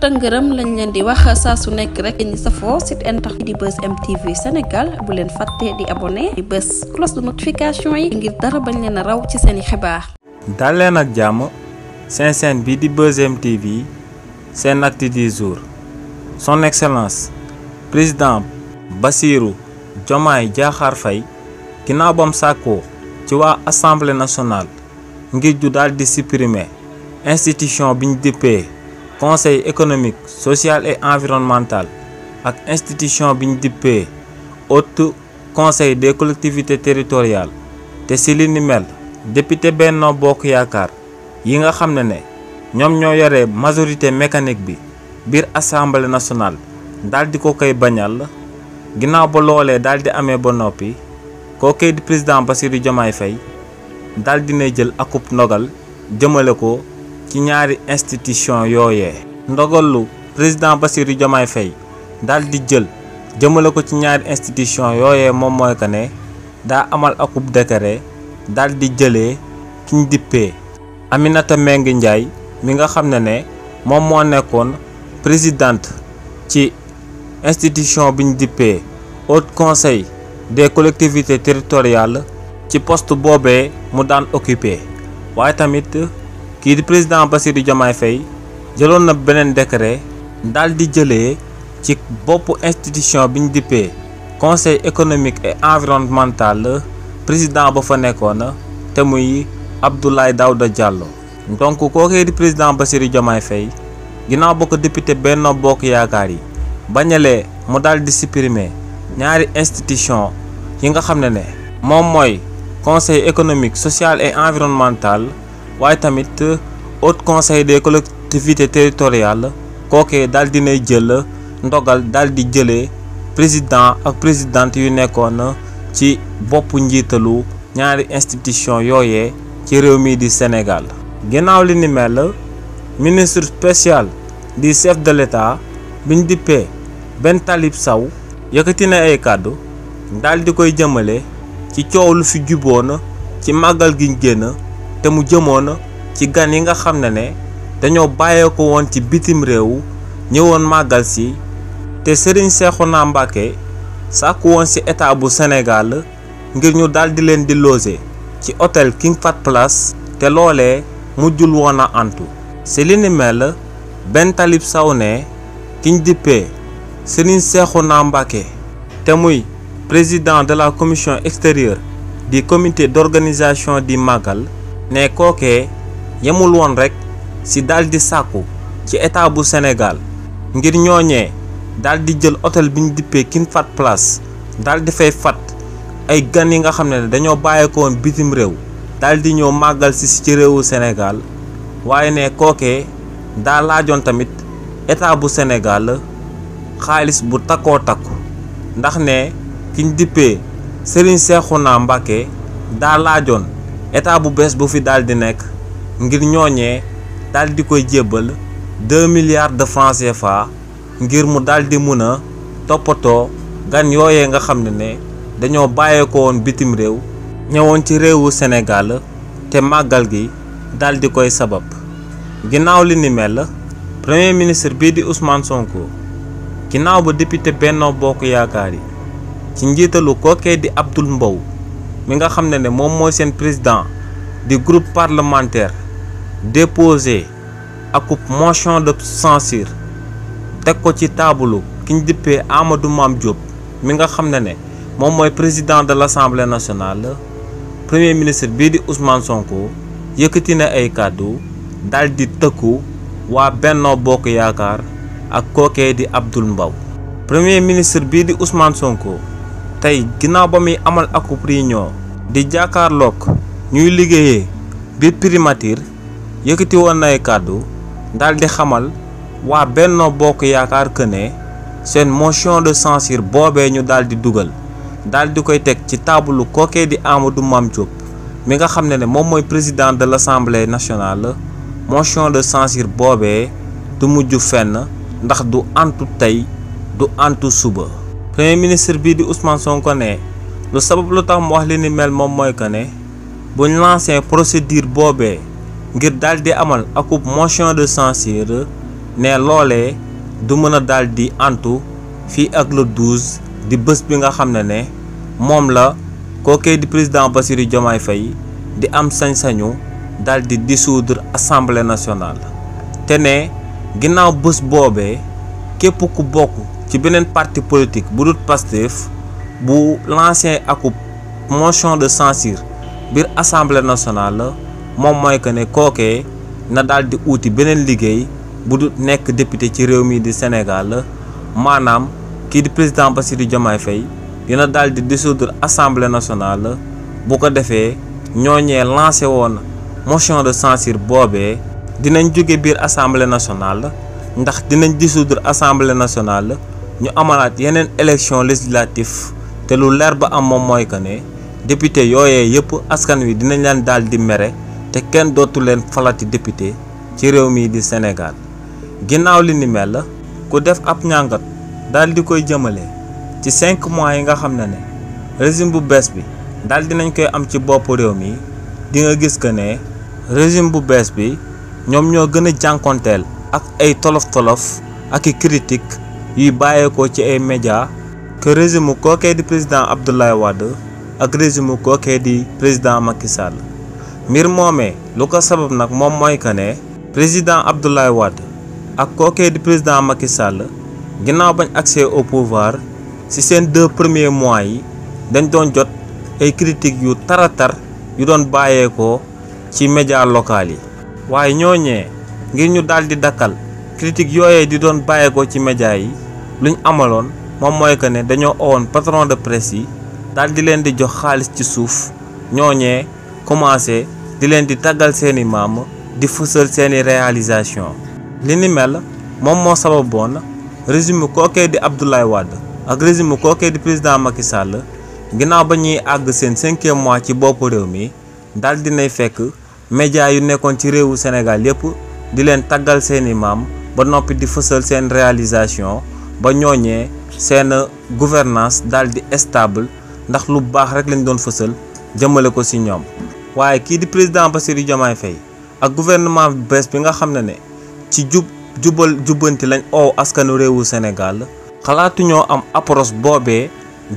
tëngërëm lañ leen di wax saa su nekk rek ñu safoo site internet di bës MTV Sénégal bu leen fàtte di abonné di bës cloche de yi ngir bañ leen raw ci seen i xibaar. dal leen ak jàmm seen chaîne bi di bës MTV seen acte du jour son excellence président Bassirou Diomaye Diakhar Faye ginnaaw bam sàkkoo ci waa assemblée nationale ngir ju daal di supprimer bi biñ dippee. conseil économique social et environnemental ak institution bi ñu conseil des collectivités territoriales te ci mel député Benno Bokk Yakar yi nga xam ne ne ñoo majorité mécanique bi biir assemblée nationale Daldi di Banyal, koy bañal Daldi ba loolee daal di di président Bassirou Diomaye Faye daal dinay jël Akup ndogal ci ñaari institution yooyee ndogalu président Bassirou Diomaye Faye daal di jël jëmale ko ci ñaari institution yooyee moom mooy que ne daa amal akub décret daal di jëlee kiñ dippee Aminata Mbengue Ndiaye mi nga xam ne ne moom moo nekkoon présidente ci institution biñ dippe haut conseil des collectivités territoriales ci post boobe mu daan occupé waaye tamit kii di président Bassirou Diomaye fay jëloon na beneen décret daal di jëlee ci bopp institution bi ñu dippee conseil économique et environnemental président ba fa nekkoon te muy Abdoulaye Daouda Diallo donc kookee di président Bassirou Diomaye fay ginnaaw ba ko député Benno Bokk Yaakaar yi bañalee mu daal di supprimer ñaari institution yi nga xam ne ne moom mooy conseil économique social et environnemental waaye tamit haut euh, conseil des collectivités territoriales kookee daal dinay jël ndogal daal di jëlee président ak présidente yu nekkoon ci bopp njiitalu ñaari institution yooyee ci réew mi di Sénégal ginnaaw li ni mel ministre spécial di chef de l'État biñ dippee benn Talib saw yëkkati na ay kàddu dal di koy jëmale ci coow lu fi juboon ci màggal giñ génn te mu jëmoon ci gan yi nga xam ne ne dañoo bàyyeeko woon ci bitim réew ñëwoon màggal si te Serigne Cheikhouna Mbacké sàkku woon ci état bu Sénégal ngir ñu daldi leen di loger ci hôtel King Fahd Palace te loolee mujjul woon a antu ci li ni mel benn talib saw ne kiñ dippee Serigne Cheikhouna Mbacké te muy président de la commission extérieure du comité d'organisation di màggal ne kookee yemul woon rekk ci daldi sàkku ci état bu Sénégal ngir ñooñee daldi jël hôtel bi ñu dippee King Fahd Palace daldi fay fat ay gan yi nga xam ne dañoo bàyyeekoon bitim réew daldi ñëw màggal si ci réewu Sénégal waaye ne kookee daa tamit état bu Sénégal xaalis bu takkoo takku ndax ne kiñ dippee Serigne Cheikhouna Mbacké daa laajoon état bu bees bu fi daal di nekk ngir ñooñee daldi koy jébbal deux milliards de francs CFA ngir mu daal di mun a toppatoo gan yooyee nga xam ne ne dañoo bàyyeekoo woon bitim réew ñëwoon ci réewu senegal te màggal gi daldi koy sabab ginnaaw li ni mel premier ministre bii di Ousmane Sonko ginnaaw ba député Benno Bokk Yaakaar yi ci njiitalu kookee di Abdoul Mbow mi nga xamné né mom moy sen président du groupe parlementaire déposé akub motion de censure tek ko ci taabalu ki ñu dippee Amadou Mame Diop mi nga xamné né mom moy président de l'Assemblée nationale premier ministre bi di Ousmane Sonko yëkëti na ay cadeau dal di tëkku wa benno Bokk yaakar ak koké di Abdoul premier ministre bi di Ousmane Sonko tay ginnaaw ba mi amal akup réunion di jàkkaarloog ñuy liggéeyee biir primature yëkkati woon na ay kàddu daal di xamal waa Benno Bokk Yaakaar que ne seen motion de censure boobee ñu daal di dugal daal di koy teg ci taabalu kookee di Amadou Mame Diop mi nga xam ne ne moom mooy président de l'Assemblée nationale motion de censure boobee du mujj fenn ndax du antu tey du antu suba premier ministre bii di Ousmane Sonko ne lu sabab lu tax mu wax li ni mel moom mooy que ne buñ lancé procédure boobee ngir daal di amal akub motion de censure ne loole du mën a daal di antu fii ak le 12 di bés bi nga xam ne ne moom la kookee di président Bassirou Diomaye Faye di am sañ-sañu daal di dissoudre assemblée nationale te ne ginnaaw bés boobee képp ku bokk ci beneen parti politique bu dul Pastef bu lancé akub motion de censure biir assemblée nationale la moom mooy que ne kookee na daal di uuti beneen liggéey bu du nekk député ci réew mii di Sénégal la maanaam kii di président Bassirou Diomaye Faye dina daal di dissoudre assemblée nationale bu ko defee ñooñee lancé woon motion de censure boobee dinañ jóge biir assemblée nationale la ndax dinañ dissoudre assemblée nationale la ñu amalaat yeneen élection législative te lu leer ba am moom mooy que ne député yooye yëpp askan wi dinañ leen daal di mere te kenn dootu leen falati député ci réew mii di Sénégal ginnaaw li ni mel la ku def ab ñàngat daal di koy jëmale ci cinq mois yi nga xam ne ne régime bu bees bi daal dinañ koy am ci bopp réew mi dinga gis que ne régime bu bees bi ñoom ñoo gën a jànkonteel ak ay tolof-tolof ak i critique yuy bàyyeekoo ci ay médias que régime kookee di président Abdoulaye Wade ak régime kookee di président Macky Sall mbir moomee lu ko sabab nag moom mooy que ne président Abdoulaye Wade ak kookee di président Macky Sall ginnaaw bañ accès au pouvoir ci seen deux premiers mois yi dañ doon jot ay critiques yu taratar yu doon bàyyeekoo ci média local yi waaye ñooñee ngir ñu daal di dakkal critiques yooyee di doon bàyyeekoo ci média yi luñ amaloon moom mooy que ne dañoo owoon patron de presse yi daal di leen di jox xaalis ci suuf ñooñee commencé di leen di tàggal seeni maam di fësal seeni réalisation li ni mel moom moo sababoon régime kookee di Abdoulaye Wade ak régime kookee di président Macky Sall ginnaaw ba ñuy àgg seen cinquième mois ci bopp réew mi daal dinay fekk média yu nekkoon ci réewu Sénégal yépp di leen tàggal seeni maam ba noppi di fësal seen réalisation ba ñooñee seen gouvernance daal di estable ndax lu baax rek lañ doon fësal jëmale ko ci ñoom waaye kii di président Bassirou Diomaye Faye ak gouvernement bu bees bi nga xam ne ne ci jub jubal jubbanti lañ oow askanu réewu Sénégal xalaatuñoo am approche boobee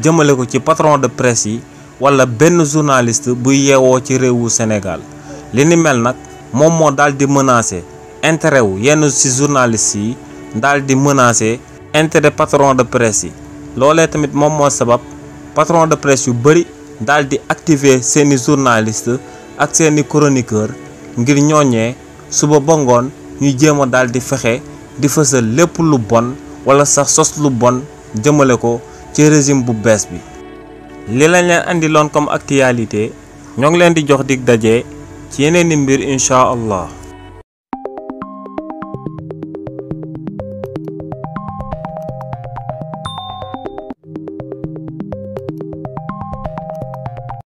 jëmale ko ci patron de presse yi wala benn journaliste buy yeewoo ci réewu Sénégal li ni mel nag moom moo dal di menacer intérêt wu yenn ci journaliste yi daal di menacer intérêt patron de presse yi loolee tamit moom moo sabab patron de presse yu bëri daal di activer seeni journaliste ak seeni chroniqueur ngir ñooñee suba ba ngoon ñuy jéem a daal di fexe di fësal lépp lu bon wala sax sos lu bon jëmale ko ci régime bu bees bi li lañ indiloon comme actualité ñoo ngi leen di jox dig daje ci yeneen i mbir incha allah